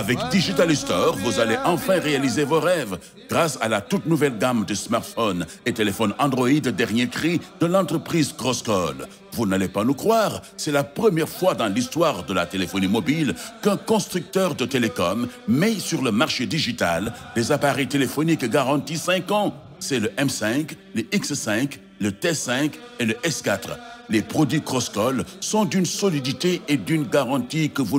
Avec Digital Store, vous allez enfin réaliser vos rêves grâce à la toute nouvelle gamme de smartphones et téléphones Android dernier cri de l'entreprise Crosscall. Vous n'allez pas nous croire, c'est la première fois dans l'histoire de la téléphonie mobile qu'un constructeur de télécom met sur le marché digital des appareils téléphoniques garantis cinq ans. C'est le M5, le X5, le T5 et le S4. Les produits Crosscall sont d'une solidité et d'une garantie que vous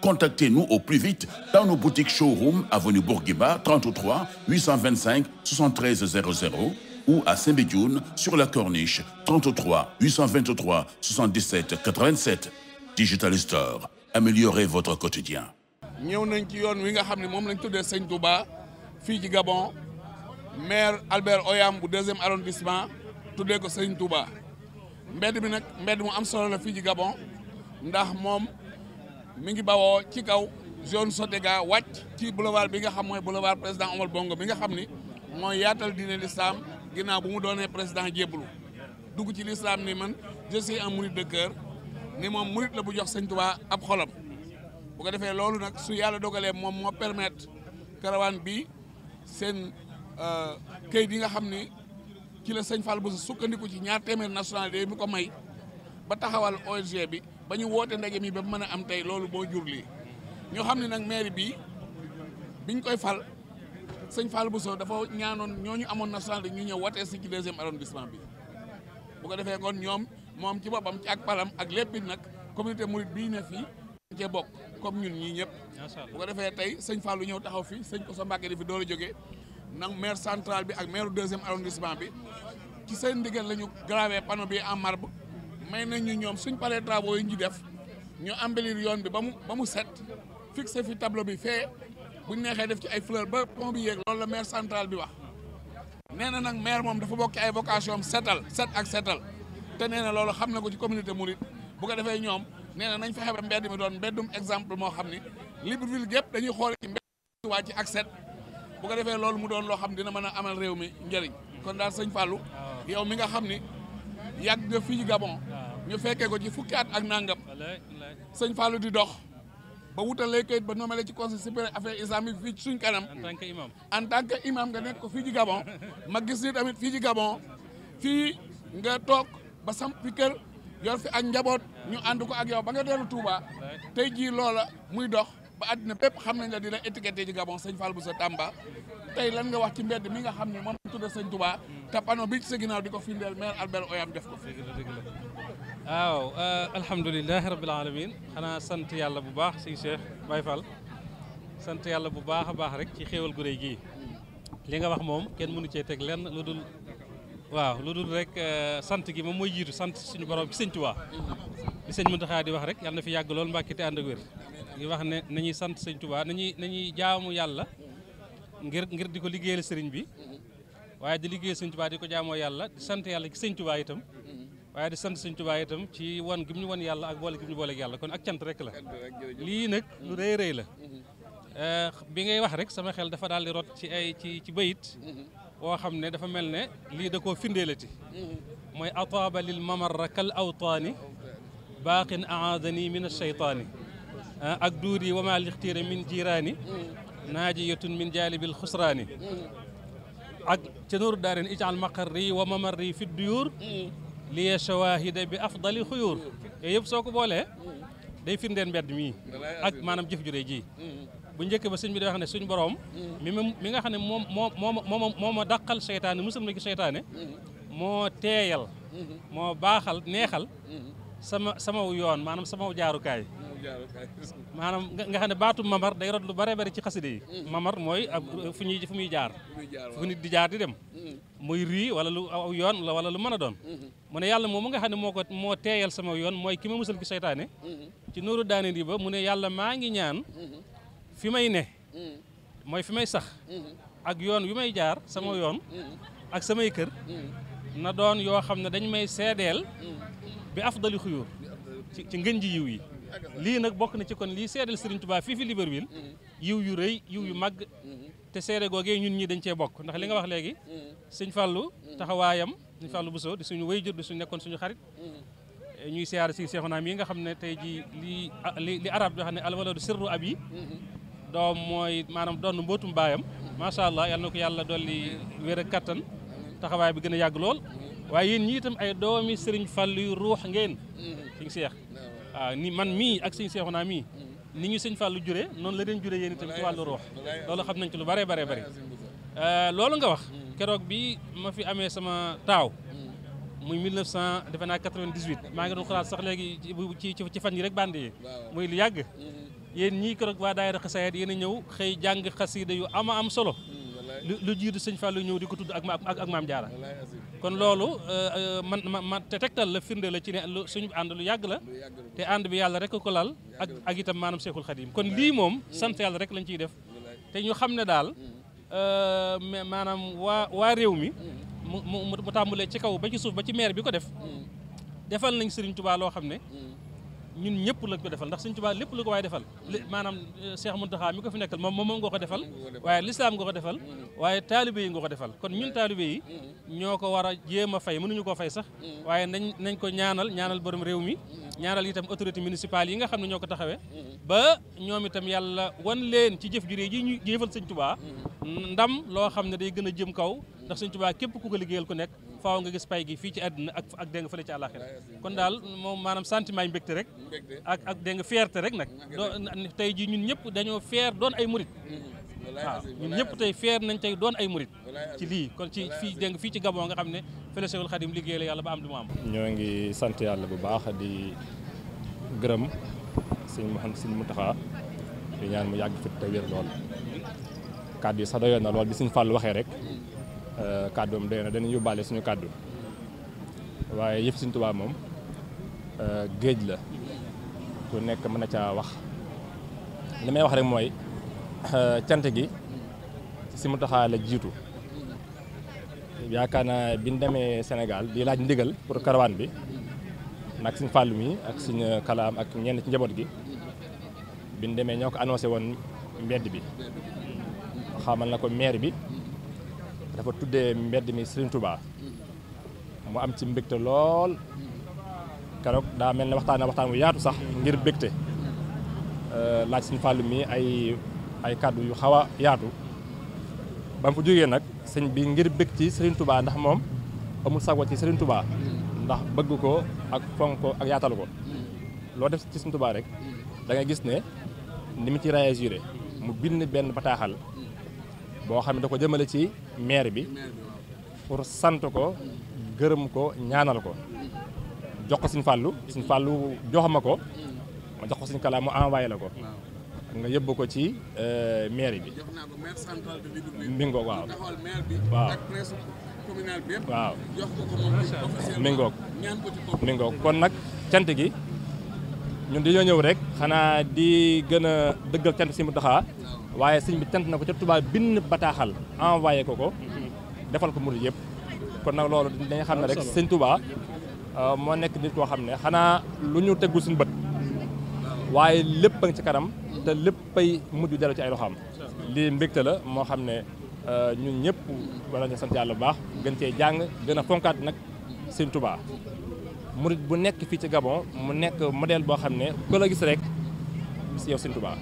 Contactez-nous au plus vite dans nos boutiques showroom avenue Bourguiba 33 825 73 00 ou à Soumbédioune sur la Corniche 33 823 77 87 Digital Store améliorez votre quotidien. ñëw nañ ci yoon wi nga xam ne moom lañ tuddee Sëñ Touba fii ci Gabon maire Albert Oyam bu deuxième arrondissement tuddee ko Sëñ Touba mbedd bi nag mbedd mu am solo la fii ci Gabon ndax moom. mi ngi bawoo ci kaw zone Sodega wàcc ci boulevard bi nga xam mooy boulevard président Omar Bongo bi nga xam ni mooy yaatal dine l'islam ginnaaw bu mu doonee président jébbalu dugg ci l'islam ni man je suis un mouride de cœur ni moom mouride la bu jox sëñ Tuubaa ab xolam bu ko defee loolu nag su yàlla dogalee moom moo permettre caravane bi seen euh, këyit yi nga xam ni ci la sëñ Fall bu sukkandiku ci ñaar téeméer nationalité yi bu ko may ba taxawal ONG bi ba ñu wootee ndaje mi ba mën a am tey loolu boo jur lii ñoo xam ne nag maire bi biñ koy fal sëñ bu Bousso dafa ñaanoon ñoo ñu amoon nationalité ñu ñëw wootee si ci deuxième arrondissement bi bu ko defee kon ñoom moom ci boppam ci ak palam ak lépp it nag communauté Mouride bii ne fii cee bokk comme ñun ñii ñëpp bu ko defee tey sëñ Fallu ñëw taxaw fii sëñ Koso Mbàkke di fi door a jógee nag maire central bi ak maire deuxième arrondissement bi ci seen ndigal la ñu gravé panneau bi en marbre may nañu ñoom suñ paree travaux yi ñu def ñu embellir yoon bi ba mu ba mu set fixé fi tableau bi fee buñ neexee def ci ay fleur ba pont bi yéeg loolu la maire central bi wax nee na nag maire moom dafa bokk ay vocation setal set ak setal te nee na loolu xam na ko ci communauté Mouride bu ko defee ñoom nee na nañ fexe ba mbedd mi doon mbeddum exemple moo xam ni Libreville gépp dañuy xool ci mbedd waa ci ak ko defee loolu mu doon loo xam dina mën a amal réew mi njëriñ kon daal sëñ Fallou ah. yow mi nga xam ni yàgg nga fii Gabon ñu fekkee ko ci fukki at ak nangam sëñ Fallou di dox ba wutalee kayit ba nommé ci conseil supérieur affaires islamiques fii ci suñ kanam en tant imam en tant que imam nga nekk ko fii ci Gabon ma gis ni tamit fii ci Gabon fii nga toog ba samp fi kër yor fi ak njaboot ñu ànd ko ak yow ba nga dellu Touba tey jii loola muy dox ba àddina bépp xam nañ la dina étiqueté ji Gabon sëñ Fall Bousso Tamba tey lan nga wax ci mbedd mi nga xam ne moom tudda sëñ Touba te panneau bi ci sa di ko firndeel maire Albert Oyam def ko waaw euh, alhamdulilahi rabbil alamin xanaa sant yàlla bu baax sëñ Cheikh Baye Fall sant yàlla bu baax a baax rek ci xéewal gu réy gii li nga wax moom kenn mënu cee teg lenn lu dul waaw lu dul rek euh, sant gi moom mooy jiitu sant suñu borom ci sëñ Touba mm-hmm. li sëñ Mountakha di wax rek yàlla na fi yàgg lool mbàkkite ànd ak ñu wax ne nañuy sant sëñ Touba nañuy nañuy jaamu yàlla ngir ngir di ko liggéeyal sëriñ bi waaye di liggéeyal sëñ di ko jaamoo yàlla di sant yàlla ci sëñ Touba itam waaye di sant sëñ Touba itam ci wan gi ñu wan yàlla ak boole gi ñu boole yàlla kon ak cant rek la lii nag lu rëy rëy la mm-hmm. eh, bi ngay wax rek sama xel dafa daal di rot ci ay ci ci bayit mm-hmm. woo xam ne dafa mel ne lii da koo findeelati mm-hmm. mooy ataaba lil mamarra kal awtaani baaqin aadani min alcheytaani Eh, ak duuri wa maa lixtiira min jiiraani naajiyatun min jaalibil xusraani ak ca nooru daareen ijaal maqarri wa mamarri fi duyuur liya shawaahida bi afdali xuyuur yooyu yëpp soo ko boolee day firndeen mbedd mii ak maanaam jëf jure ji bu njëkk ba sëñ bi day wax ne suñ boroom mi mi nga xam ne moom moo moo moo ma dàqal seytaane musal na ki seytaane moo teeyal moo baaxal neexal sama sama yoon maanaam sama jaarukaay maanaam nga xam ne baatu mamar day rot lu bare bari ci xaside yi mm. mamar mooy ab fu ñuy fu muy jaar fu nit di jaar di dem mooy mm. rii wala lu aw yoon la wala lu mën a doon mm-hmm. mu ne yàlla moomu nga xam ne moo ko moo teeyal sama yoon mooy ki ma musal ki seytaane mm-hmm. ci nooru daane di ba mu ne yàlla maa ngi ñaan mm-hmm. fi may ne mm. mooy fi may sax ak yoon yu may jaar sama yoon ak samay kër na doon yoo xam ne dañ may seedeel bi afdali xuyur ci ngën ji yiw yi lii nag bokk na ci kon lii seedal Serigne Touba fii fi Libreville yiw yu rëy yiw yu màgg te seede googee ñun ñii dañ cee bokk ndax li nga wax léegi Serigne Fallou taxawaayam Serigne Fallou Bousso di suñu wayjur di suñu nekkoon suñu xarit ñuy siyaar si Seexuna mi nga xam ne tey jii li li arab di wax ne alwaladu sirru abi doom mooy maanaam doon mbootum baayam macha allah yal na ko yàlla dolli wér ak kattan taxawaay bi gën a yàgg lool waaye yéen ñiitam ay doomi Serigne Fallou yu ruux ngeen fi nga waaw ah, ni man mii ak sëñ Seexuna mii ni ñu sëñ fàllu jure noonu la leen jure yéen itam ci wàllu ruux loolu xam nañ ci lu bare bare bëri ah, loolu nga wax keroog bi ma fi amee sama taaw muy 1900 defe naa 98 maa ngi doon xalaat sax léegi ci ci fan yi rek bande yi muy lu yàgg mm-hmm. yéen ñii keroog waa daayira xasaayid yéen a ñëw xëy jàng xasida yu ama am solo lu jiitu sëñ Fallou ñëw di ko tudd ak ma ak maam Diarra kon loolu euh, man man te tegtal la firnde la ci ne lu suñu ànd lu yàgg la te ànd bi yàlla rek ko lal ak ak itam maanaam Seexul Xadim kon lii moom sant yàlla rek lañ ciy def te ñu xam ne daal euh, maanaam waa waa réew mi mu mu tàmbalee ci kaw ba ci suuf ba ci maire bi ko def defal nañ Sëriñ Tuubaa loo xam ne ñun ñëpp la ko defal ndax Sëñ Tuubaa lépp lu ko waaye defal maanaam euh, Cheikh Mountakha mi ko fi nekkal moom moom nga ko defal waaye lislaam nga ko defal waaye taalibe yi nga ko defal kon ñun taalibe yi ñoo ko war a jéem a fay mënuñu koo fay sax waaye nañ nañ ko ñaanal ñaanal borom réew mi ñaanal itam autorité municipale yi nga xam ne ñoo ko taxawee ba ñoom itam yàlla wan leen ci jëf ju réy ji ñu jëfal Sëñ Tuubaa ndam loo xam ne day gën a jëm kaw ndax Sëñ Tuubaa képp ku ko liggéeyal ku nekk faaw nga gis pay gi fii ci àddina ak ak dégg ci àllaaxira kon daal moom maanaam sentiment yi mbégte rek ak ak dégg nga rek nag tey ji ñun ñëpp dañoo fier doon ay murit mm-hmm. waaw ñun ñëpp tey fier nañ tey doon ay murit ci lii kon ci fii dégg fii ci Gabon nga xam ne fële Cheikhul Khadim liggéey la yàlla ba am lu mu am ñoo ngi sant yàlla bu baax di gërëm sëñ Mouhamed sëñ Mountakha di ñaan mu yàgg fit te wér lool kàddu yi sax doyoon na lool bi sëñ Fall waxee rek Euh, kàddoom doy na danañ yóbbaale suñu kàddu waaye yëf Sëñ Tuubaa moom euh, géej la ku nekk mën a caa wax li may wax rek mooy euh, cant gi si mu taxaa la jiitu yaakaar na bi ñu demee Sénégal di laaj ndigal pour karawaan bi nag suñ fàllu mi ak suñ kalaam ak ñenn ci njaboot gi bi ñu demee ñoo ko annoncé woon mbedd bi xamal na ko maire bi dafa tuddee mbedd mi Serigne Touba mu am ci mbégte lool keroog daa mel ne waxtaanee waxtaan bu yaatu sax ngir bégte euh, laaj Serigne Fallou mi ay ay kàddu yu xaw a yaatu ba mu fa jógee nag sëñ bi ngir bég ci Serigne tubaa ndax moom amul sago ci sëriñ tubaa ndax bëgg ko ak fonk ko ak yaatal ko loo def ci Serigne Touba rek da gis ne ni mu ci réagiré mu bind benn bataaxal boo xam ne da ko ci maire bi pour sant ko gërëm ko ñaanal ko jox ko suñ fàllu suñ fàllu jox ma ko ma jox ko suñ kalaam mu envoyé la ko nga yóbbu ko ci euh, maire bi mbingoog waaw waaw waaw mbingoog mbingoog kon nag cant gi ñun dañoo ñëw rek xanaa di gën a dëggal cant si mu taxaa waaye sëñ bi cant na ko ca Touba bind bataaxal envoyé ko ko defal ko murid yëpp kon nag loolu dañu xam ne rek sëñ Touba euh, moo nekk nit koo xam ne xanaa lu ñu tegul suñu bët waaye lépp a ci kanam te léppay mujj dara ci ay loxoom lii mbégte la moo xam ne euh, ñun ñëpp war nañu sant yàlla baax gën cee jàng gën a fonkaat nag sëñ murit bu nekk fii ci Gabon mu nekk modèle boo xam ne ku la gis rek si yow Sëñ Tuubaa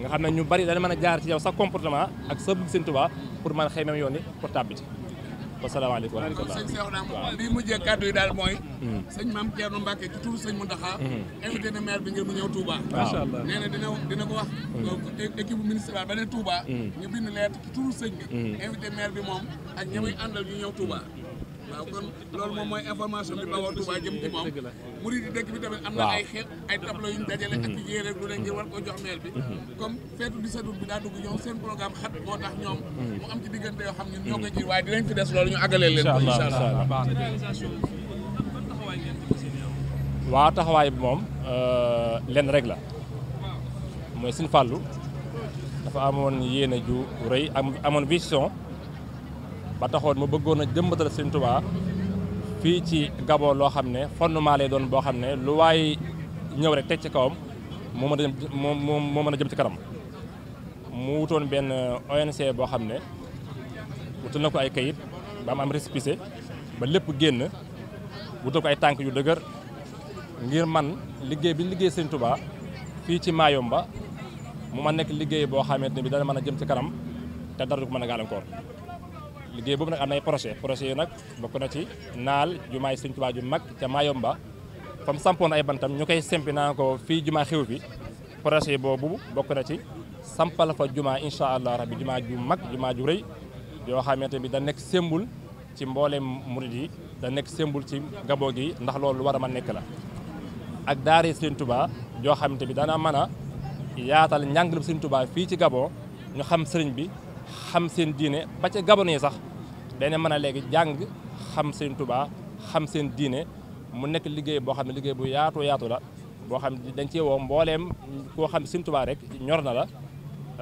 nga xam ne ñu bari dana man a jaar ci yow sa comportement ak sa bëgg Sëñ pour mën a xëy yoon yi pour tàbbi ci asalaamaaleykum wa rahmatulah sëñ Seex naa moom lii mujjee yi daal mooy hmm. sëñ Maam Thierno Mbacke ci turu sëñ Mountakha hmm. invité na maire bi ngir mu ñëw Touba macha Allah nee na dina dina ko wax hmm. équipe municipale ba ne Touba ñu bind lettre ci turu sëñ bi invité maire bi moom ak ñi muy àndal ñu ñëw Touba waaw kon loolu moom mooy information bi bawoo Touba jëm ci moom murid yi dëkk bi tamit am na ay xeet ay tableau yu ñu dajale ak mhm. yére lu ne ngir war koo jox meel bi mhm. comme feetu di sadul bi daa dugg ñoom seen programme xat moo tax ñoom mhm. mu am ci diggante yoo xam ñun ñoo ko ci waaye dinañ fi des loolu ñu àggalee leen taxawaay bi moom euh, lenn rek la mooy suñu fàllu dafa amoon yéene ju rëy amoon vision ba taxoon ma bëggoon a jëmbatal Sëriñ Tuubaa fii ci Gabon loo xam ne fondement lay doon boo xam ne lu waaye ñëw rek teg ci kawam moo mën a a jëm ci kanam mu wutoon benn ONC boo xam ne wutal ko ay kayit ba am ba lépp génn wutal tànk yu dëgër ngir man liggéey bi liggéey Sëriñ fii ci Mayumba mu ma nekk liggéey boo xamante ne bi dana mën a jëm ci kanam te dara du ko mën a gàllankoor liggéey boobu nag am na ay projet projet yi nag bokk na ci naal jumaay Sëñ Tuubaa ju mag ca Mayomba fam sampoon ay bantam ñu koy sempi naa ko fii jumaa xew fi projet boobu bokk na ci sampal fa jumaa incha allah rabbi jumaa ju mag jumaa ju rëy yoo xamante bi da nekk sembul ci mboolem murid yi da nekk sembul ci gaboo gi ndax loolu war a mën nekk la ak daare Sëñ Tuubaa yoo xamante bi dana mën a yaatal njàngalem Sëñ tubaa fii ci gaboo ñu xam sëriñ bi xam seen diine ba ca gabon yi sax dañ mën a léegi jàng xam seen tubaa xam seen diine mu nekk liggéey boo xam ne liggéey bu yaatu yaatu la boo xam ne dañ cee woo mbooleem koo xam ne seen tubaa rek ñor na la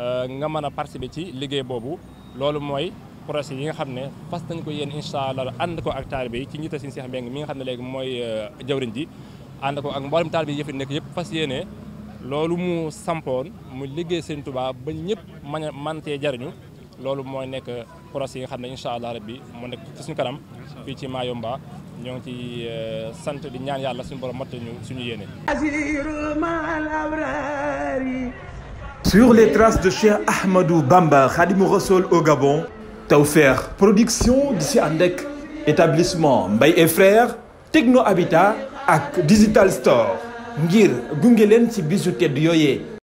euh, nga mën a participer ci liggéey boobu loolu mooy projet yi nga xam ne fas nañ ko yéen incha allah ànd ko ak taalibe yi ci njiital Sëriñ Seex Mbeng mi nga xam ne léegi mooy euh, jawriñ ji ànd ko ak mboolem taalibe yi yëf nekk yëpp fas yéene loolu mu sampoon mu liggéey seen tubaa ba ñëpp mën man mën cee jariñu loolu mooy nekk pour yi nga xam ne incha allah rabbi moo nekk ci suñu kanam fii ci Mayumba ñoo ngi ci euh, sant bi ñaan yàlla suñu borom mat ñu suñu yéene Sur les traces de Cheikh Ahmadou Bamba Khadimou Rassoul au Gabon Tawfekh Production di si ànd ak établissement Mbaye et Frères Techno Habitat ak Digital Store ngir gunge leen ci bisu tedd yooyee